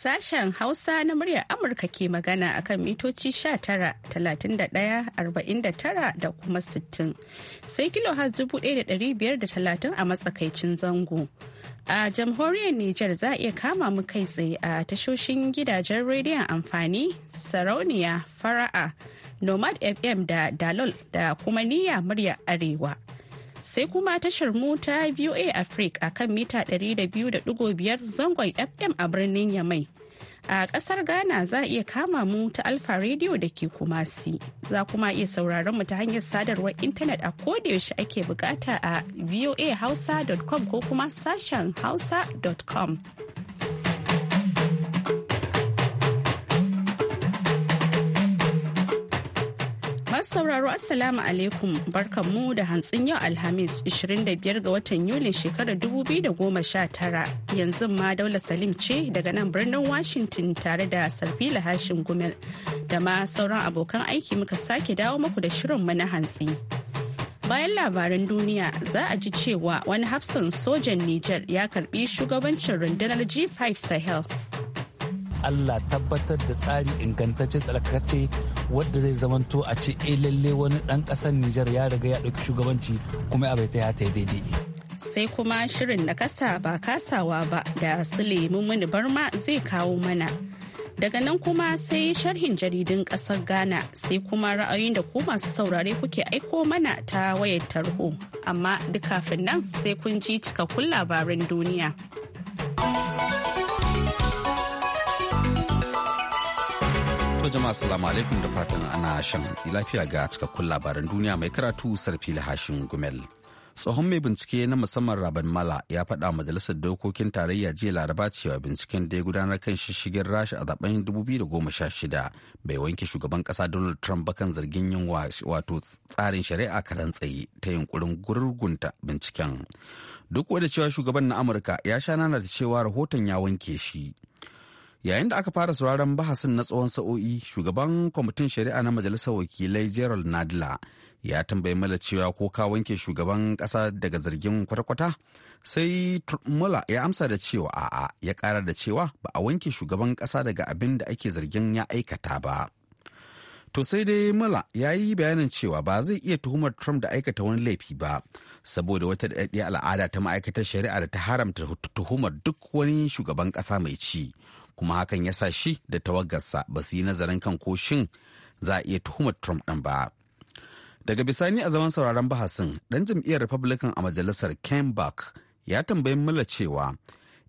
Sashen Hausa na muryar Amurka ke magana akan mitoci 19, 49 da kuma 60. Sai kilo has 1530 a matsakaicin zango. A jamhuriyar Nijar za a iya kama mu kai tsaye a tashoshin gidajen rediyon amfani, sarauniya, fara'a, nomad FM da dalol da kuma niyya muryar arewa. sai kuma tashar mu ta VOA Africa akan kan mita 200.5 zangon FM a birnin Yamai. A kasar Ghana za a iya kama mu ta Alfa Radio da ke Kumasi. Za kuma iya sauraron mu ta hanyar sadarwar intanet a kodayaushe ake bukata a voahausa.com ko kuma sashen hausa.com. Masu sauraro Assalamu alaikum mu da hantsin yau Alhamis 25 ga watan Yulin shekarar 2019 yanzu ma Daula Salim ce daga nan birnin Washington tare da Sarfila hashim Gumel da ma sauran abokan aiki muka sake dawo muku da shirin na hantsi. bayan labaran duniya za a ji cewa wani hafsan sojan Nijar ya karbi shugabancin rundunar G5 Sahel allah tabbatar da tsari ingantacce tsarkace wadda zai zamanto a ce e lalle wani dan kasar nijar ya riga ya ɗauki shugabanci kuma ya ta ya daidai sai kuma shirin na kasa ba kasawa ba da sulemu mini barma zai kawo mana daga nan kuma sai sharhin jaridun ƙasar ghana sai kuma ra'ayoyin da ku masu saurare kuke aiko mana ta wayar tarho amma duk kafin nan sai kun ji cikakkun labaran duniya. To jama'a assalamu alaikum da fatan ana shan hantsi lafiya ga cikakkun labaran duniya mai karatu sarfi hashin gumel. Tsohon mai bincike na musamman Raban Mala ya faɗa majalisar dokokin tarayya jiya laraba cewa binciken da ya gudanar kan shishigin rasha a zaben 2016 bai wanke shugaban kasa Donald Trump ba kan zargin yin wato tsarin shari'a karan tsaye ta yunkurin gurgunta binciken. Duk da cewa shugaban na Amurka ya sha nanar cewa rahoton ya wanke shi. yayin da aka fara sauraron bahasin na tsawon sa'o'i shugaban kwamitin shari'a na majalisar wakilai gerald nadla ya tambayi mala cewa ko ka wanke shugaban kasa daga zargin kwata-kwata sai mula ya amsa da cewa a'a ya kara da cewa ba a wanke shugaban kasa daga abin da ake zargin ya aikata ba to sai dai mula ya yi bayanin cewa ba zai iya tuhumar trump da aikata wani laifi ba saboda wata daɗaɗɗiyar al'ada ta ma'aikatar shari'a da ta haramta tuhumar duk wani shugaban ƙasa mai ci kuma hakan ya sa shi da tawaggarsa ba su yi nazarin kan ko shin za a iya tuhumar Trump ɗin ba. Daga bisani a zaman sauraron bahasin, ɗan jam'iyyar Republican a majalisar Ken Buck ya tambayi mula cewa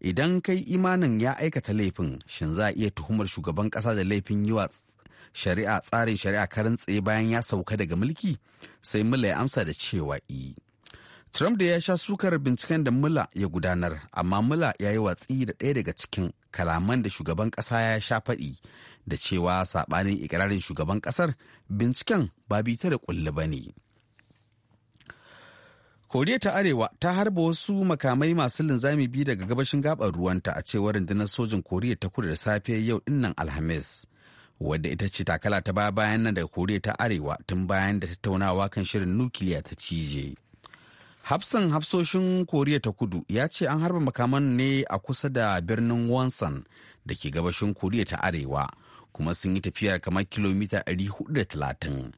idan kai imanin ya aikata laifin shin za a iya tuhumar shugaban ƙasa da laifin yi wa shari'a tsarin shari'a karin tsaye bayan ya sauka daga mulki sai mula ya amsa da cewa e. Trump da ya sha sukar binciken da Mula ya gudanar, amma Mula ya yi watsi da ɗaya daga cikin kalaman da shugaban ƙasa ya sha faɗi da cewa saɓanin ikirarin shugaban ƙasar binciken ba bita da ƙulli ba ne. koriya ta arewa ta harba wasu makamai masu linzami biyu daga gabashin gabar ruwanta a cewar rundunar sojin koriya ta kudu da safe yau dinnan alhamis wadda ita ce takala ta baya bayan nan daga koriya ta arewa tun bayan da tattaunawa kan shirin nukiliya ta cije hafsan hafsoshin koriya ta kudu ya ce an harba makaman ne a kusa da birnin wonsan da ke gabashin koriya ta arewa kuma sun yi tafiya kamar kilomita 430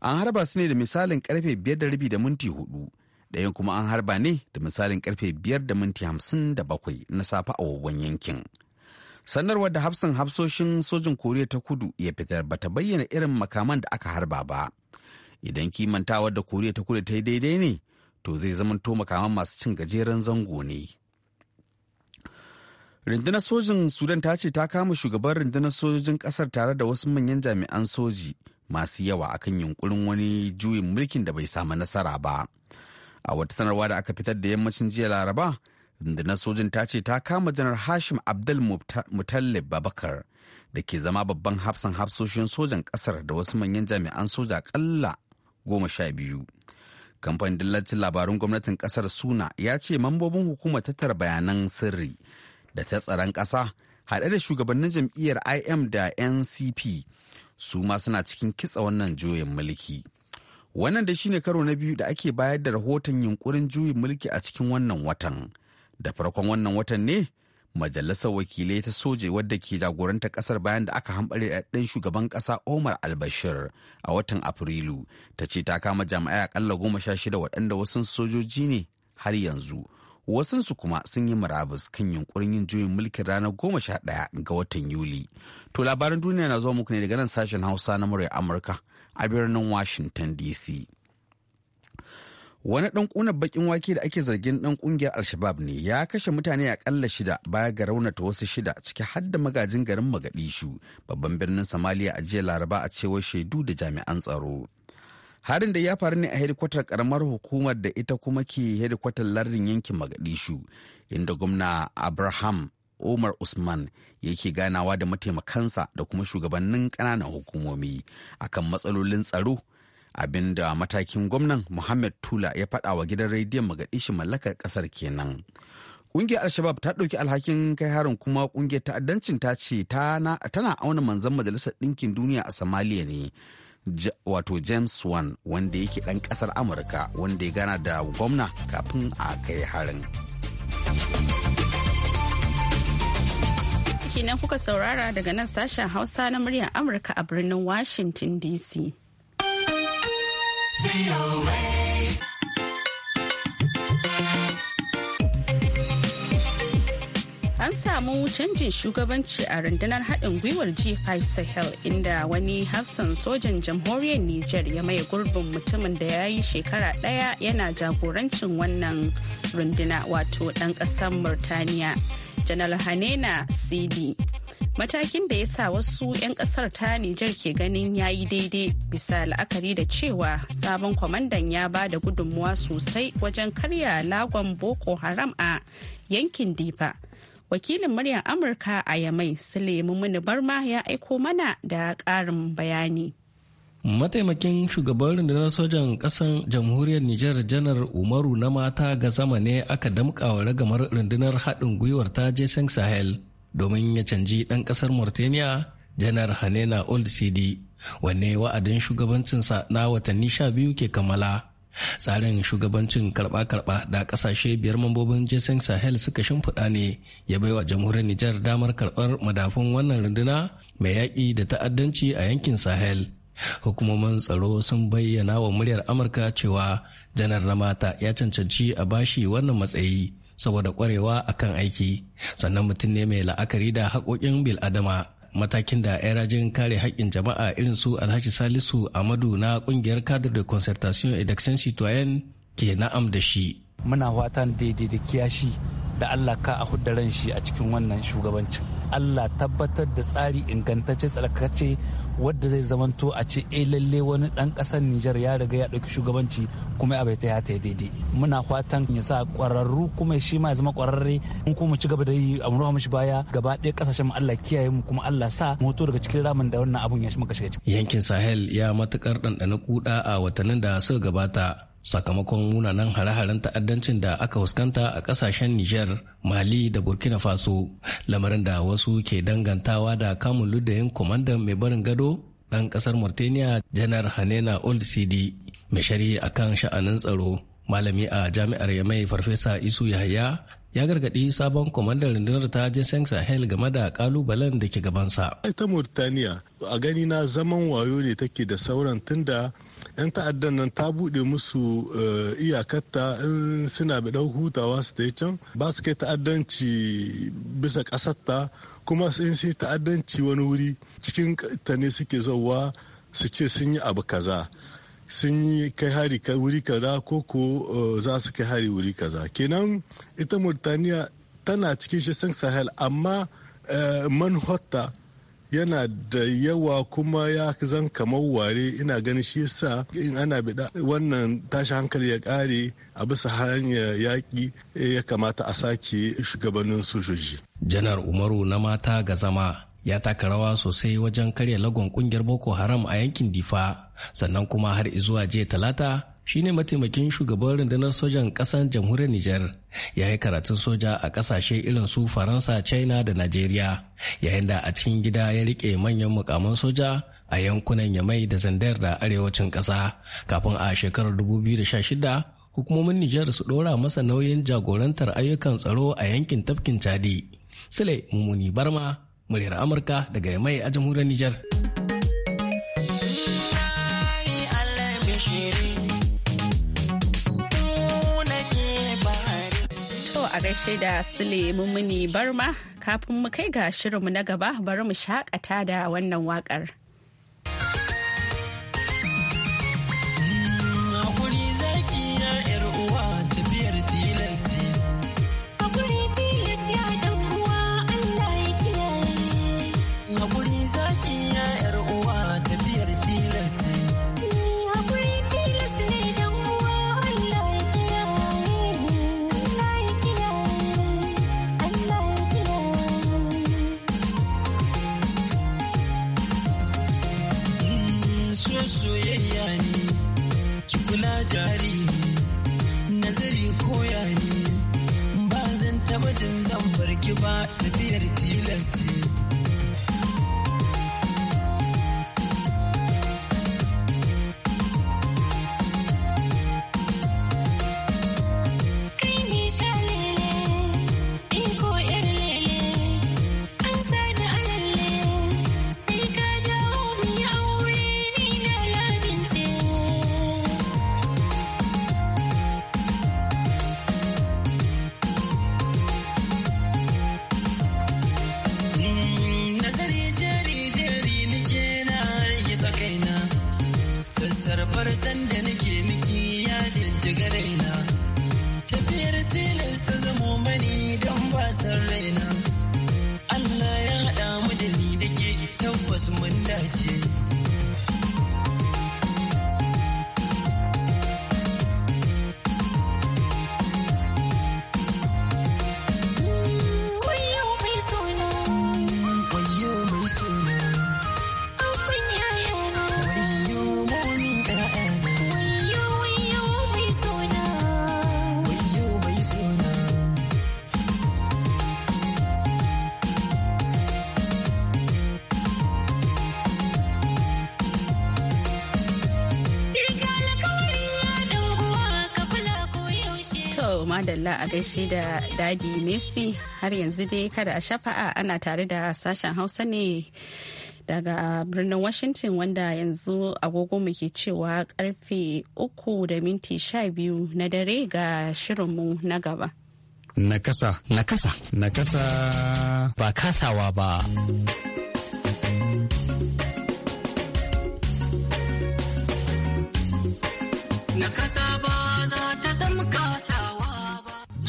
an harba su ne da misalin karfe 5 da rabi da minti 4 ɗayan kuma an harba ne da misalin karfe 5 da minti 57 na safe a wawan yankin sanarwar da hafsan hafsoshin sojin koriya ta kudu ya fitar bata bayyana irin makaman da aka harba ba idan kimantawa da koriya ta kudu ta yi daidai ne to zai zamanto makaman masu cin gajeren zango ne. Rundunar sojin Sudan ta ce ta kama shugaban rundunar sojin kasar tare da wasu manyan jami'an soji masu yawa akan yunkurin wani juyin mulkin da bai samu nasara ba. A wata sanarwa da aka fitar da yammacin jiya Laraba, rundunar sojin ta ce ta kama janar Hashim Abdul Mutallib Babakar da ke zama babban hafsan hafsoshin sojan kasar da wasu manyan jami'an soja kalla goma sha biyu. kamfanin dillacin labarun gwamnatin kasar suna ya ce mambobin hukumar tattara bayanan sirri da ta tsaron ƙasa haɗe da shugabannin jam'iyyar im da ncp su ma suna cikin kitsa wannan juyin mulki wannan da shine karo na biyu da ake bayar da rahoton yunkurin juyin mulki a cikin wannan watan da farkon wannan watan ne majalisar wakilai ta soje wadda ke jagoranta kasar bayan da aka hambare ɗan shugaban ƙasa omar albashir a watan afrilu ta ce ta kama jami'ai akalla goma sha shida waɗanda wasu sojoji ne har yanzu wasunsu kuma sun yi murabus kan yunkurin yin juyin mulkin ranar goma sha ɗaya ga watan yuli to labaran duniya na zuwa muku ne daga nan sashen hausa na murya amurka a birnin washington dc wani ɗan ƙunar bakin wake da ake zargin ɗan ƙungiyar alshabab ne ya kashe mutane aƙalla shida baya ga raunata wasu shida ciki har da magajin garin magadishu babban birnin samaliya a jiya laraba a cewar shaidu da jami'an tsaro harin da ya faru ne a hedikwatar karamar hukumar da ita kuma ke hedikwatar lardin yankin magadishu inda gwamna abraham Omar Usman yake ganawa da mataimakansa da kuma shugabannin ƙananan hukumomi akan matsalolin tsaro abinda matakin gwamnan Muhammad Tula ya faɗa wa gidan rediyon Magadishin mallakar ƙasar kenan. Ƙungiyar Alshabab ta ɗauki alhakin kai harin kuma ƙungiyar ta'addancin ta ce tana auna manzan Majalisar Ɗinkin Duniya a Somalia ne. wato James Swan wanda yake ɗan ƙasar Amurka wanda ya gana da gwamna kafin a kai harin. Kinan kuka saurara daga nan sashen hausa na muryar amurka a birnin washington dc An samu canjin shugabanci a rundunar haɗin gwiwar G5 Sahel inda wani hafsan sojan jamhuriyar Nijar ya maye gurbin mutumin da ya yi shekara ɗaya yana jagorancin wannan runduna wato ɗan ƙasar Murtaniya. Janar Hanena Sidi matakin da ya sa wasu 'yan kasar ta Nijar ke ganin ya yi daidai bisa la'akari da cewa sabon kwamandan ya ba da gudunmuwa sosai wajen karya lagon Boko Haram a yankin Difa. Wakilin muryar Amurka a Yamai Suleiman mini Barma ya aiko mana da ƙarin bayani. Mataimakin shugaban rundunar sojan ƙasar jamhuriyar Nijar janar Umaru na mata ga zama ne aka damƙawa wa ragamar rundunar haɗin gwiwar ta Jason Sahel domin ya canji ɗan ƙasar Mauritania janar Hanena Old Sidi wanne wa'adin shugabancinsa na watanni sha biyu ke kammala. Tsarin shugabancin karɓa-karɓa da ƙasashe biyar mambobin Jason Sahel suka shimfiɗa ne ya baiwa jamhuriyar Nijar damar karɓar madafun wannan runduna mai yaƙi da ta'addanci a yankin Sahel. hukumomin tsaro sun bayyana wa muryar amurka cewa janar na mata ya cancanci a bashi wannan matsayi saboda kwarewa a kan aiki sannan mutum ne mai la'akari da haƙoƙin bil'adama matakin da ya rajin kare haƙƙin jama'a irin su alhaji salisu amadu na ƙungiyar kadar da concertation et d'action citoyen ke na'am da shi muna fatan daidai da kiyashi da allah ka a hudda ran shi a cikin wannan shugabancin allah tabbatar da tsari ingantacce tsarkace wadda zai zamanto a ce eh lalle wani dan kasar Nijar ya riga ya dauki shugabanci kuma abai ta ya ta daidai muna fatan ya sa kwararru kuma shi ma ya zama kwararre in kuma ci gaba da yi a murwa mishi baya gaba ɗaya kasashen mu Allah kiyaye mu kuma Allah sa moto daga cikin ramin da wannan abun ya shi muka shiga yankin Sahel ya matukar ɗanɗana kuɗa a watannin da suka gabata sakamakon munanan hare-haren ta'addancin da aka fuskanta a kasashen Nijar, Mali da Burkina Faso, lamarin da wasu ke dangantawa da kamun ludayin kwamandan mai barin gado ɗan ƙasar Mauritania Janar Hanena Old CD, mai shari kan sha'anin tsaro. Malami a jami'ar Yamai Farfesa Isu Yahaya ya gargaɗi sabon kwamandan rundunar ta jinsen sahel game da kalubalen da ke gabansa. ita Mauritania a gani na zaman wayo ne take da sauran tunda 'yan ta'addan nan ta buɗe musu eh, iyakarta in suna ɗau hutawa su ta can ba su kai ta'addanci bisa ƙasarta kuma in sai ta'addanci wani wuri cikin ta ne suke zauwa su ce sun yi abu kaza sun yi kai hari wuri kaza ko ko eh, za su kai hari wuri kaza kenan ita murtaniya tana cikin shi sahel amma eh, manhotta yana da yawa kuma ya zan kamar ware ina ganin shi yasa in ana bida wannan tashi hankali ya kare a bisa hanyar yaƙi eh, ya kamata a sake shugabannin sojoji. janar umaru na mata ga zama ya taka rawa sosai wajen karya lagon kungiyar boko haram a yankin difa sannan kuma har zuwa jiya talata shine mataimakin shugaban rundunar sojan ƙasar jamhuriyar Nijar ya yi karatun soja a ƙasashe irin su Faransa, China da Najeriya yayin da a cikin gida ya riƙe manyan mukaman soja a yankunan Yamai da Zandar da arewacin ƙasa kafin a shekarar 2016 hukumomin Nijar su ɗora masa nauyin jagorantar ayyukan tsaro a yankin tafkin Chadi. Sule Mumuni Barma, muryar Amurka daga Yamai a jamhuriyar Nijar. da da Sule Mummuni Barma kafin mu kai ga shirinmu na gaba bari mu shakata da wannan wakar. not. madalla a gaishe da dadi messi har yanzu dai kada a shafa'a ana tare da sashen hausa ne daga birnin washington wanda yanzu agogo muke cewa karfe uku da minti sha na dare ga shirinmu na gaba nakasa nakasa nakasa ba kasawa ba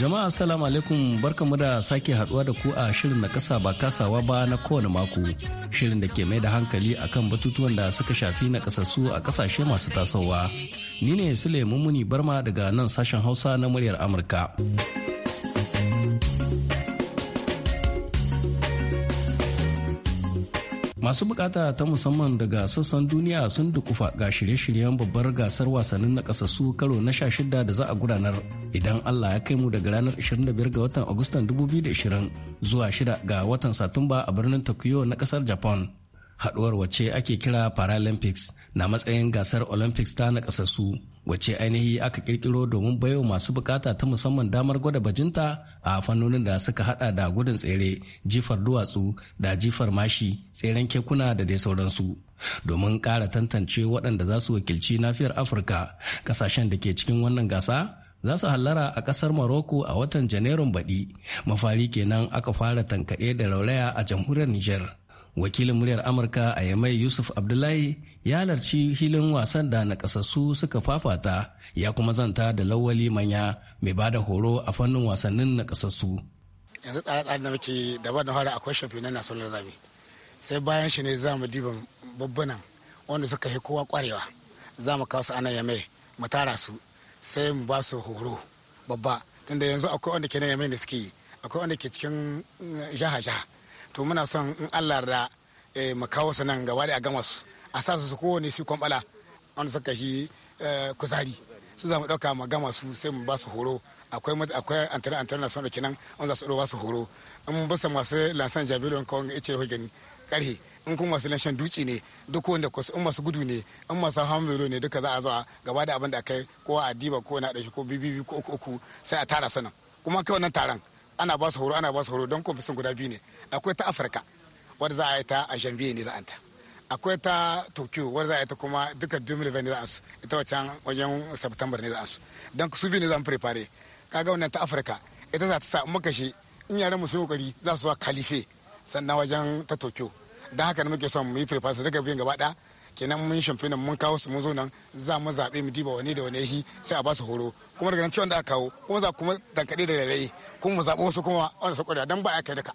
Jama'a assalamu alaikum barkamu da sake haduwa da ku a shirin na kasa ba kasawa ba na kowane mako. Shirin da ke mai da hankali akan batutuwan da suka shafi na kasassu a kasashe masu tasowa. Ni ne Sule muni Barma daga nan sashen Hausa na muryar Amurka. masu bukata ta musamman daga sassan duniya sun dukufa ga shirye-shiryen babbar gasar wasannin na kasassu karo na 16 da za a gudanar idan allah ya kai mu daga ranar 25 ga watan agustan 2020 zuwa shida ga watan satumba a birnin tokyo na kasar japan haduwar wacce ake kira paralympics na matsayin gasar olympics ta na kasassu wacce ainihi aka kirkiro domin baiwa masu bukata ta musamman damar gwada bajinta a fannonin da suka hada da gudun tsere jifar duwatsu da jifar mashi tseren kekuna da dai sauransu domin kara tantance waɗanda za su wakilci nafiyar afirka ƙasashen da ke cikin wannan gasa za su hallara a ƙasar Maroko a watan Janairun baɗi. Mafari kenan aka fara tankaɗe da raulaya a jamhuriyar Nijar wakilin muryar amurka a yamai yusuf abdullahi ya halarci filin wasan da nakasassu suka fafata ya kuma zanta da lawali manya mai bada horo a fannin wasannin nakasassu yanzu tsare-tsare da muke daban da fara akwai shafi na solar zami sai bayan shi ne za mu diban babbanan wanda suka yi kowa kwarewa za mu kawo su anan yamai mu tara su sai mu ba su horo babba tunda yanzu akwai wanda ke na yamai da suke yi akwai wanda ke cikin eh, jaha-jaha to muna son in Allah da eh, mu kawo su nan gaba da a gama su a sa su kowane su kwambala wanda suka shi eh, kuzari su za mu ɗauka mu gama su sai mu ba su horo akwai akwai antara antara nasu da kenan an za su ɗauka su horo in ba su masu lansan jabiru kawai ga ice hujjani karhe in kuma masu lansan duci ne duk wanda kwasu in masu gudu ne in masu hamburu ne duka za a zuwa gaba da abin da kai ko a diba ko na ɗauki ko bibibi ko uku uku sai a tara sanan kuma kai wannan taron ana ba su horo ana ba su horo don kwamfisin guda biyu ne akwai ta afirka wadda za a yi ta a janvier ne za a ta akwai ta tokyo wadda za a yi ta kuma duka 2020 ne za a su ita wacan wajen september ne za a su don su biyu ne za a firfare kaga wannan ta afirka ita za ta sa muka in yaran mu sun kokari za su wa kalife sannan wajen ta tokyo don haka ne muke son mu yi firfare su daga biyun gaba ɗaya kenan mun shimfinan mun kawo su mun zo nan za mu zaɓe mu diba wani da wani shi sai a ba su horo kuma daga nan ciwon da aka kawo kuma za kuma dankaɗe da rairayi kuma mu zaɓi wasu kuma wanda su ƙwarya don ba a kai duka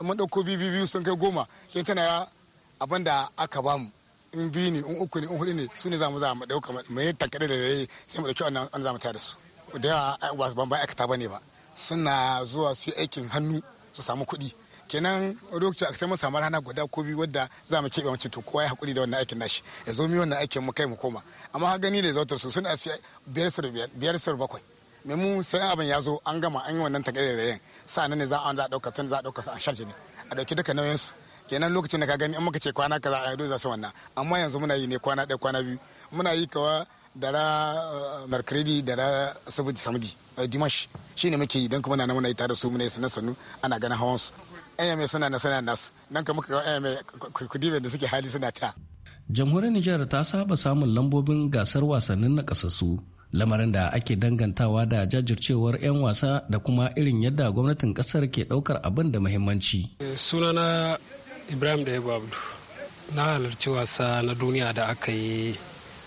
mun ɗauko biyu biyu sun kai goma ke tana abin da aka ba mu in biyu ne in uku ne in hudu ne su ne za mu za mu ɗauka mu yi dankaɗe da rairayi sai mu ɗauki wannan wanda za mu tare da su da yawa ba ban ba aikata ba ne ba suna zuwa su yi aikin hannu su samu kuɗi kenan lokaci a samu samar hana guda ko biyu wadda za mu keɓe mace to kowa ya hakuri da wannan aikin nashi ya zo mi wannan aikin mu kai mu koma amma ha gani da zautar su sun biyar sur biyar sur bakwai me mu sai abin ya zo an gama an yi wannan takardar sa na ne za a ɗauka tun za a ɗauka su a sharje ne a ɗauki duka nauyin su kenan lokacin da ka gani an muka ce kwana kaza a yado za su wannan amma yanzu muna yi ne kwana ɗaya kwana biyu muna yi kawa dara eh, mercredi dara saboda samedi eh, dimash shine muke yi don kuma na muna yi tare da su muna yi sanar sanu ana ganin hawan su ayyame suna na suna nasu nan ka muka ayyame kudi da suke hali suna ta jamhuriyar nijar ta saba samun lambobin gasar wasannin na kasassu lamarin da ake dangantawa da jajircewar 'yan wasa da kuma irin yadda gwamnatin kasar ke daukar abin da muhimmanci sunana ibrahim da abdu na halarci wasa na duniya da aka yi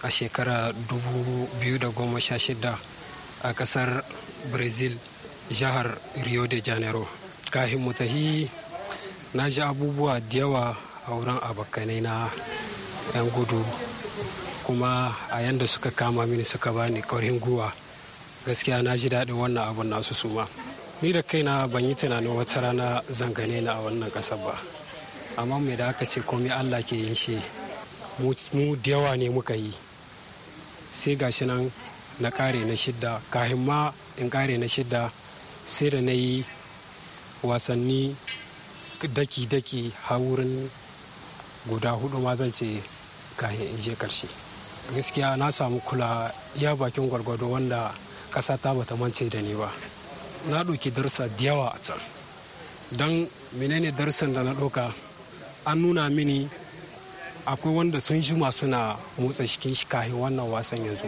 a shekara 2016 a kasar brazil jihar rio de janeiro kafin mu tahi na ji abubuwa da yawa a wurin abokanai na 'yan gudu kuma a yanda suka kama mini suka bani ƙarfin guwa gaskiya na ji daɗin wannan abun nasu suma ni da kaina ban yi tunanin wata rana zangane na a wannan ƙasar ba amma mai da aka ce komai allah ke yin shi mu da yawa ne muka yi sai shi nan na kare na shidda kahin ma in kare na shidda sai da na yi wasanni daki-daki har wurin guda hudu ma zan ce kayan in je karshe gaskiya na samu kula ya bakin gwargwado wanda kasa ta bata mance da ni ba na ɗauki darsa da yawa a can don menene darsan da na ɗauka an nuna mini akwai wanda sun jima suna motsa cikin shi wannan wasan yanzu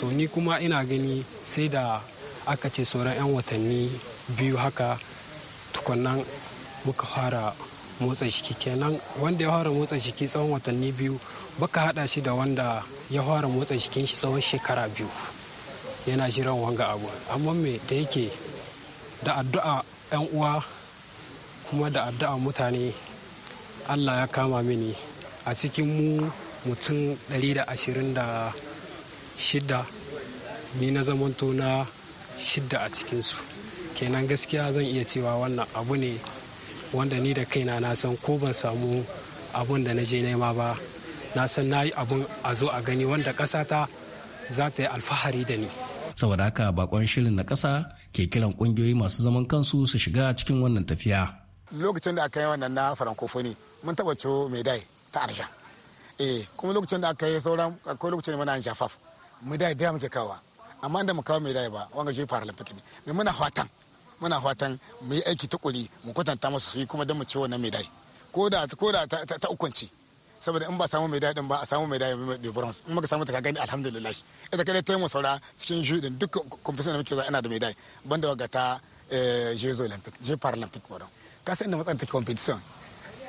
to ni kuma ina gani sai da aka ce sauran 'yan watanni biyu haka tukunnan muka fara motsa shiki kenan wanda ya fara motsa shiki tsawon watanni biyu baka hada shi da wanda ya fara motsa shikin shi tsawon shekara biyu yana jiran wanga abu amma me da yake da addu'a yan uwa kuma da addu'a mutane allah ya kama mini a cikin mu mutum 126 ni na zamanto na shidda a cikinsu kenan gaskiya zan iya cewa wannan abu ne wanda ni da kaina na san ko ban samu abun da na je nema ba na san na yi abun a zo a gani wanda ƙasa ta za ta yi alfahari da ni saboda haka bakon shirin na ƙasa ke kiran ƙungiyoyi masu zaman kansu su shiga cikin wannan tafiya lokacin da aka yi wannan na farankofoni mun taɓa ciwo medai ta arsha eh kuma lokacin da aka yi sauran akwai lokacin mana an shafaf medai da muke kawa amma inda mu kawo mai dai ba wanga fara paralympic ne mai muna fatan muna fatan mu yi aiki tukuri mu kwatanta masu su yi kuma don mu ci wannan mai dai ko da ko da ta ukunci saboda in ba samu mai dai din ba a samu mai dai mai bronze in muka samu ta gani alhamdulillah ita kai ta mu saura cikin judin duk competition da muke za ina da mai dai banda waga ta eh, jezo olympic je paralympic wadon ka san inda matsalar ta competition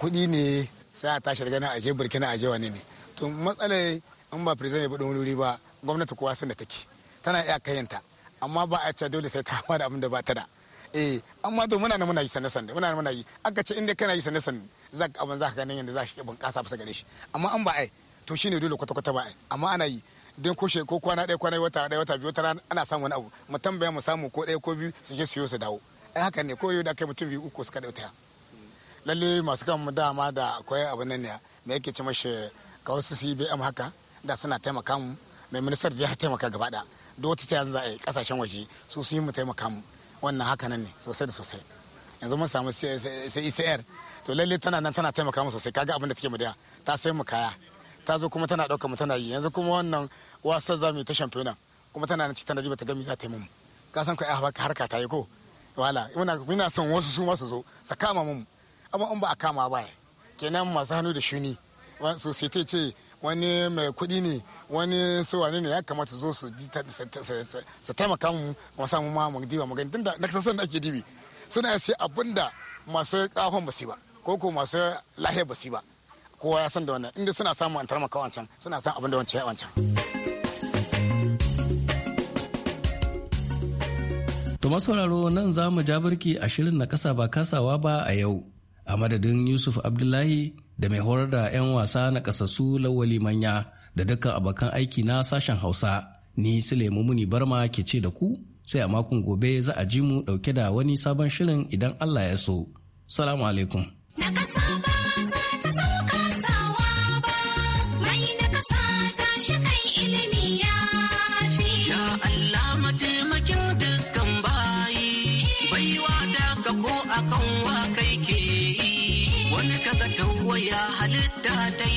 kuɗi ne sai a tashi daga nan a je burkina a je wani ne to matsalar in ba president ya bi wuri ba gwamnati kowa sun da take tana iya kayanta amma ba a ce dole sai ta hama da abin da ba ta da eh amma to muna muna yi sanne sanne muna muna yi aka ce inda kana yi sanne sanne za ka abin za ka ganin yadda za shi bunƙasa bisa gare shi amma an ba ai to shine dole kwata kwata ba ai amma ana yi don ko ko kwana ɗaya kwana wata ɗaya wata biyu wata rana ana samun wani abu mu tambaya mu samu ko ɗaya ko biyu su je siyo su dawo ai eh, haka ne ko yau da kai mutum biyu uku suka ɗauta lalle masu kan dama da akwai abin nan ne me yake ce mashi ka wasu su yi haka da suna taimaka mu mai ministar ya taimaka gaba ɗaya da wata ta za a yi kasashen waje su su yi mu taimaka mu wannan haka nan ne sosai da sosai yanzu mun samu CICR e to lalle tana nan tana taimaka mu sosai kaga abin da take mu da ta sai mu kaya ta zo kuma tana ɗaukar mu tana yi yanzu kuma wannan wasan za mu ta champion kuma tana nan tana riba ta gami za ta yi mu ka san ko harka ta yi ko wala muna muna son wasu su ma su zo su kama mu amma in ba a kama ba kenan masu hannu da shuni sosai ta ce wani mai kuɗi ne wani su ne ya kamata zo su taimaka mu mu samu ma mu diba mu gani tunda na kasan da ake dibi suna sai abinda masu kafan basi ba ko ko masu lahiyar basi ba kowa ya san da wannan inda suna samu an tarmaka wancan suna san abinda wancan ya wancan. To masauraro nan za mu ja birki a shirin na kasa ba kasawa ba a yau. A madadin Yusuf Abdullahi da mai horar da 'yan wasa na kasassu lawali manya da dukkan abokan aiki na sashen hausa ni sulaimu muni barma ke ce da ku sai a makon gobe za a ji mu dauke da wani sabon shirin idan allah ya so salamu alaikum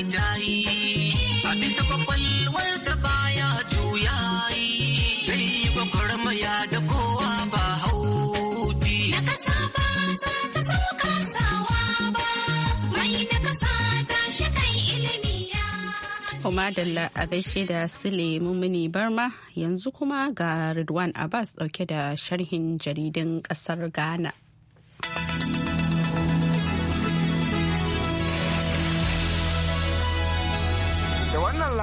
rinjayi a bisa kwakwalwarsa baya juyayi zai yi gwagwarmaya da kowa ba haufi na kasa ba za ta sauka sawa ba mai na kasa ta shi kai ilimi Kuma Dalla a gaishe da Sule Mumini Barma yanzu kuma ga Ridwan Abbas dauke da sharhin jaridin kasar Ghana.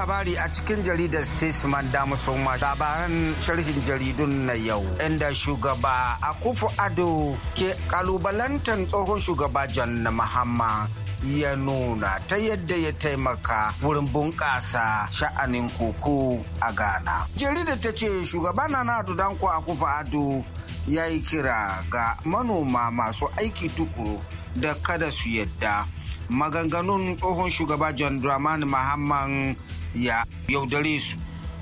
labari a cikin jaridar statesman damu soma labaran sharhin jaridun na yau inda shugaba akufu ado ke kalubalantar tsohon shugaba john mahama ya nuna ta yadda ya taimaka wurin bunƙasa sha'anin koko a ghana jaridar ta ce shugaba nana danko akufu ado ya yi kira ga manoma masu aiki tukuru da kada su yadda maganganun tsohon shugaba john dramani mahamman ya yaudare su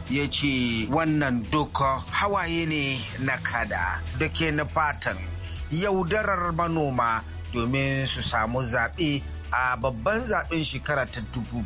ya ce wannan doka hawaye ne na kada da ke na fatan yaudarar manoma domin su samu zaɓe a babban zaɓen shekara ta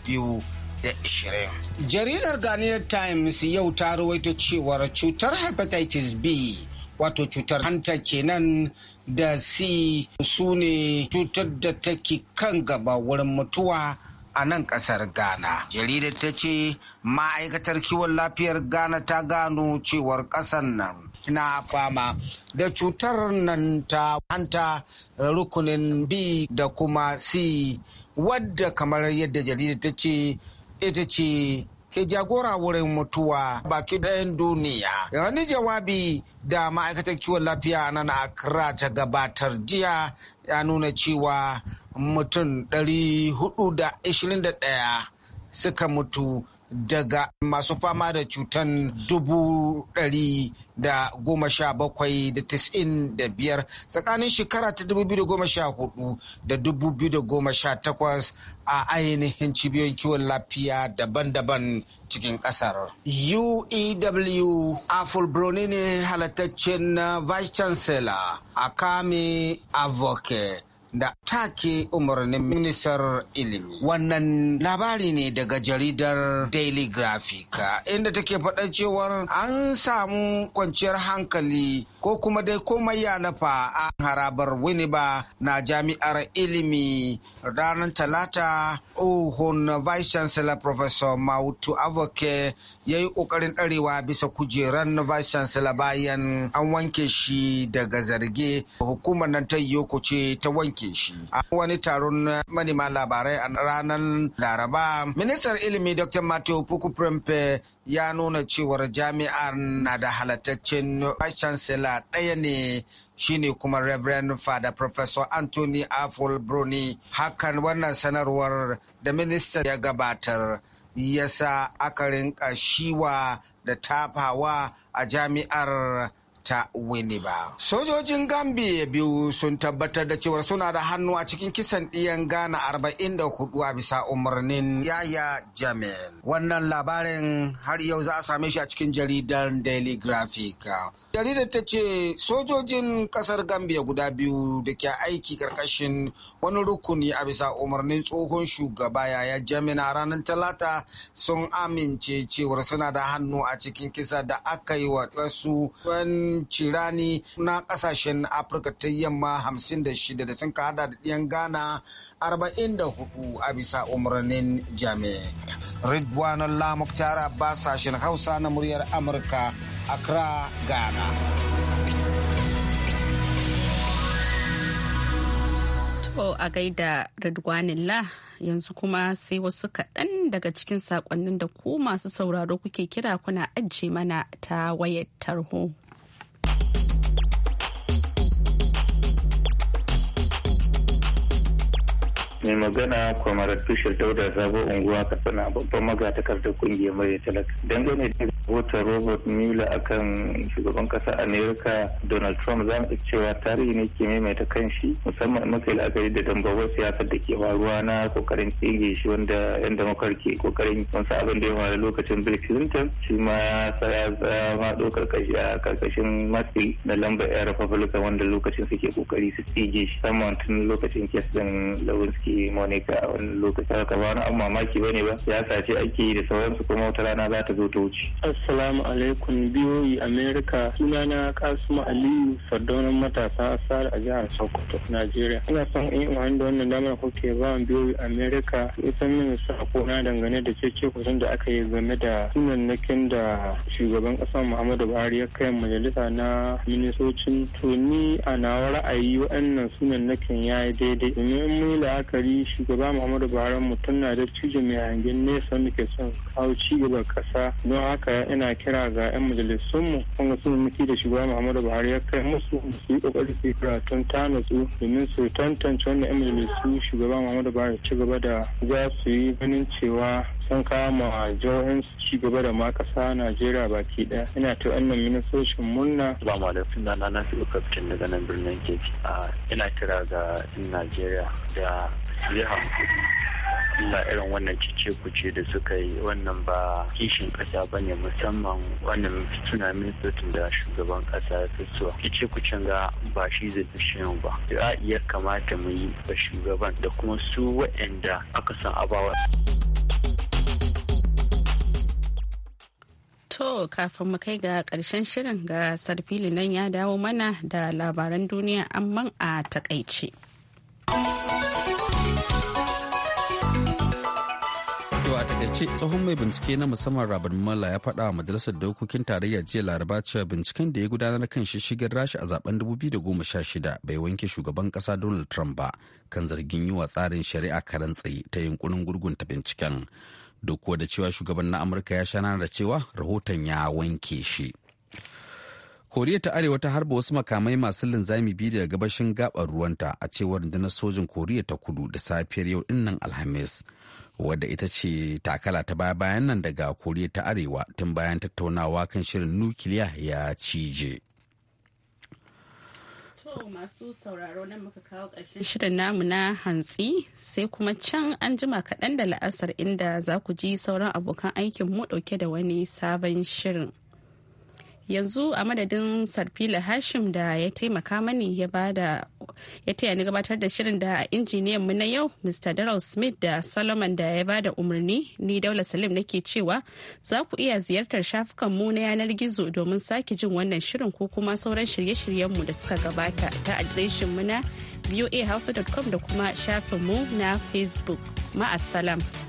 biyu. da ishirin. Jaridar Ghanaian Times yau ta rawaito cewar cutar hepatitis B wato cutar hanta kenan da C su ne cutar da take kan gaba wurin mutuwa a nan kasar ghana Jarida ta ce ma'aikatar kiwon lafiyar ghana ta gano cewar kasar nan na fama da cutar nan ta hanta rukunin b da kuma c wadda kamar yadda jarida ta ce ita ce ke jagora wurin mutuwa baki ɗayan duniya. Wani jawabi da ma'aikatar kiwon lafiya nan a ta gabatar jiya ya nuna cewa mutum 421 suka mutu daga masu fama da cutan dubu dari da goma sha bakwai da tis'in da biyar tsakanin shekara ta dubu biyu da goma sha hudu da dubu biyu da goma sha takwas a ainihin cibiyoyin kiwon lafiya daban-daban cikin kasar. UEW Afulbroni ne halattaccen vice chancellor Akami Avoke da take umarnin ministar ilimi. Wannan labari ne daga jaridar Daily Graphic inda take faɗa cewar an samu kwanciyar hankali ko kuma dai komai ya lafa a harabar Winneba na jami'ar ilimi ranar talata ohun vice chancellor professor Mautu Avoke ya yi ƙoƙarin ɗarewa bisa kujeran vice chancellor bayan an wanke shi daga zarge hukumar nan ta yoko ce ta wanke shi a wani taron manema labarai a ranar laraba ministan ilimi dr matthew puku prempe ya nuna cewar jami'ar na da halattaccen vice chancellor ɗaya ne shine kuma Reverend Father Professor Anthony Afol Bruni. Hakan wannan sanarwar da minista ya gabatar Ya sa aka rinka shiwa da tafawa a jami'ar ta ba. Sojojin Gambia biyu sun tabbatar da cewar suna da hannu a cikin kisan ɗiyan Ghana 44 a bisa umarnin Yaya Jamil. Wannan labarin har yau za a same shi a cikin jaridar Daily Graphic. jaridar ta ce sojojin kasar gambia guda biyu da ke aiki karkashin wani rukuni a bisa umarnin tsohon shugaba yaya jamina ranar talata sun amince cewar suna da hannu a cikin kisa da aka yi wa wasu cirani na kasashen afirka ta yamma 56 da sun ka hada da ɗiyan ghana 44 a bisa umarnin jami'a ridwan lamuk tara sashen hausa na muryar amurka Accra, Ghana. To a gaida Radwanillah yanzu kuma sai wasu kaɗan daga cikin saƙonnin da ku masu sauraro kuke kira kuna ajiye mana ta wayar tarho. mai magana kwamar tushar dauda sabo unguwa katsina babban magatakardar kungiyar mai talaka dangane da rahoton robert mueller kan shugaban kasa america donald trump za mu cewa tarihi ne ke maimaita kan shi musamman mafi la'akari da dambawar siyasar da ke faruwa na kokarin tsige shi wanda yan damakar ke kokarin wasu abin da ya faru lokacin bill clinton shi ma ya zama kashi a karkashin matsi na lambar yan republican wanda lokacin suke kokari su tsige shi musamman tun lokacin kes din lewinsky Eh, monica a wani lokacin ka ba an mamaki bane ba ya ce ake yi da sauransu kuma wata rana za ta zo ta wuce assalamu alaikum biyoyi e amerika. sunana kasuma aliyu sardaunan matasa asar a jihar sokoto najeriya ina son in yi wani da wannan damar kuke ba biyoyi e america san min sako na dangane da cece kusan da aka yi game da sunannakin da shugaban kasa muhammadu buhari ya kai majalisa na ministocin to ni a nawa ra'ayi waɗannan sunannakin ya yi daidai domin mun yi la'akari al'amari shugaba muhammadu buhari mutum na da cije mai hangen nesa muke son kawo ci ƙasa kasa don haka ina kira ga 'yan majalisunmu kan su muke da shugaba muhammadu buhari ya kai musu su yi kokari su yi karatun ta natsu domin su tantance wannan 'yan majalisu shugaba muhammadu buhari ci gaba da za su yi ganin cewa sun kama jihohin ci gaba da ma kasa Najeriya baki daya ina ta wannan ministocin murna da alaikum na na nafi kaftin daga nan birnin a ina kira ga Najeriya da ya hankali Allah irin wannan cice kuce da suka yi wannan ba kishin kasa ba ne musamman wannan suna ministocin da shugaban kasa ya fitowa kice kucin ga ba shi zai fi ba ya kamata mu yi ba shugaban da kuma su waɗanda aka san abawa. To kafin mu kai ga karshen shirin ga sarfili nan ya dawo mana da labaran duniya amman a takaice. To a takaice tsohon mai bincike na musamman Rabin Mala ya faɗa wa majalisar dokokin tarayya jiya laraba cewa binciken da ya gudanar kan shishigar rashi a zaben 2016 bai wanke shugaban kasa Donald Trump ba kan zargin yi wa tsarin shari'a karan tsaye ta yunkurin gurgunta binciken. duk kuwa da cewa shugaban na amurka ya sha da cewa rahoton ya wanke shi koriya ta arewa ta harba wasu makamai masu linzami biyu daga gabashin gabar ruwanta a cewar rundunar sojin koriya ta kudu da safiyar yau dinnan alhamis wadda ita ce takala ta baya bayan nan daga koriya ta arewa tun bayan tattaunawa kan shirin nukiliya ya cije. yau masu sauraro nan muka kawo ƙarshen shirin namu na hantsi sai kuma can an jima kaɗan da la'asar inda za ku ji sauran abokan aikin mu ɗauke da wani sabon shirin. yanzu a madadin sarfila hashim da ya taimaka mani ya bada ya taya ni gabatar da shirin da injiniyan mu na yau mr daryl smith da solomon da ya ba da umarni ni daula salim nake cewa za ku iya ziyartar shafukan mu na yanar gizo domin sake jin wannan shirin ko kuma sauran shirye-shiryen mu da suka gabata ta adireshin mu na voahausa.com da kuma shafin mu na facebook ma'asalam.